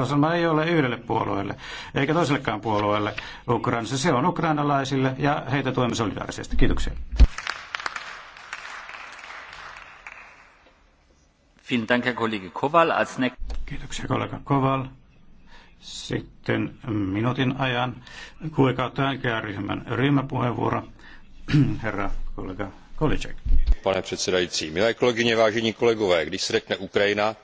Ohjelma ei ole yhdelle puolueelle, eikä toisellekaan puolueelle Ukrainassa. Se on ukrainalaisille ja heitä tuemme solidaarisesti. Kiitoksia. Kiitoksia kollega Koval. Sitten minuutin ajan kuukautta kautta NKR-ryhmän ryhmäpuheenvuoro. Herra kollega Kolicek. Pane předsedající, milé kolegyně, vážení kolegové, když se řekne Ukrajina,